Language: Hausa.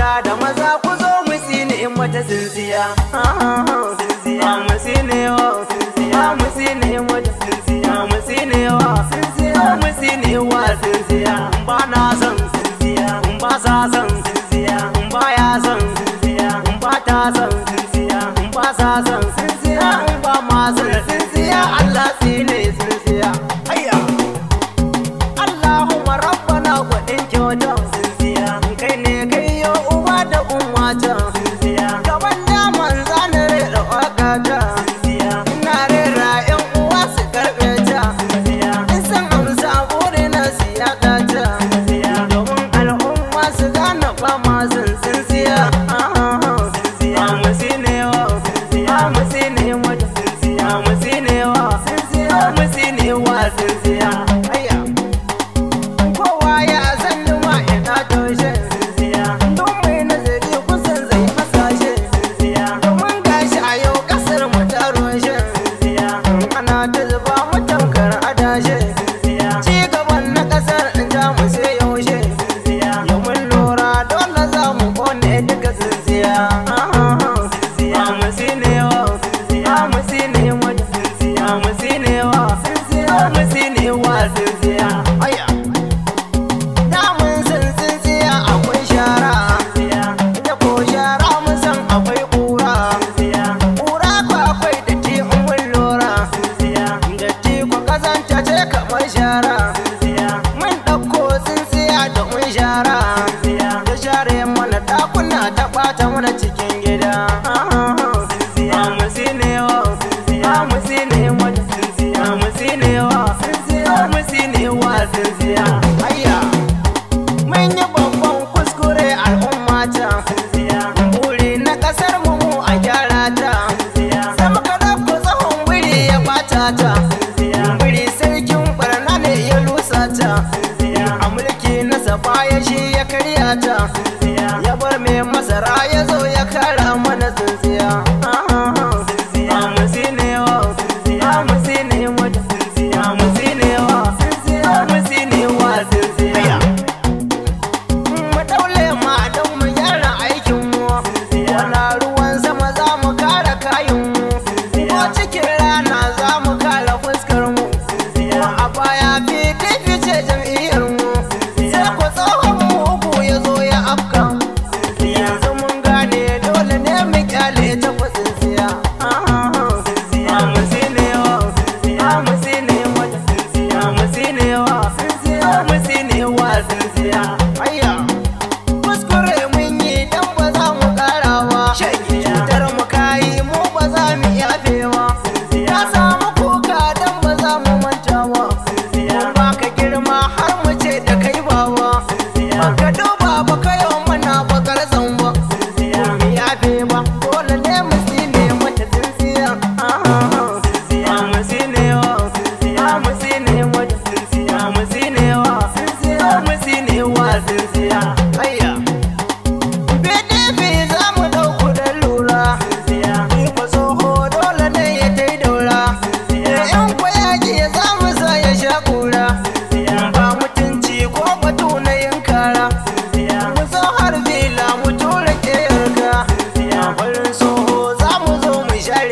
mata da maza ku zo mu tsini in mata sinziya. Sinziya mu tsini wa sinziya. mu tsini in mata sinziya. mu tsini wa Sinziya mu tsini wa tsintsiya ba na Sinziya tsintsiya ba sa Sinziya tsintsiya ba ya Sinziya tsintsiya ba ta Sinziya tsintsiya ba sa zan. sinziya. kar adaje baya shi ya karya ta ya bar mai masara ya zo ya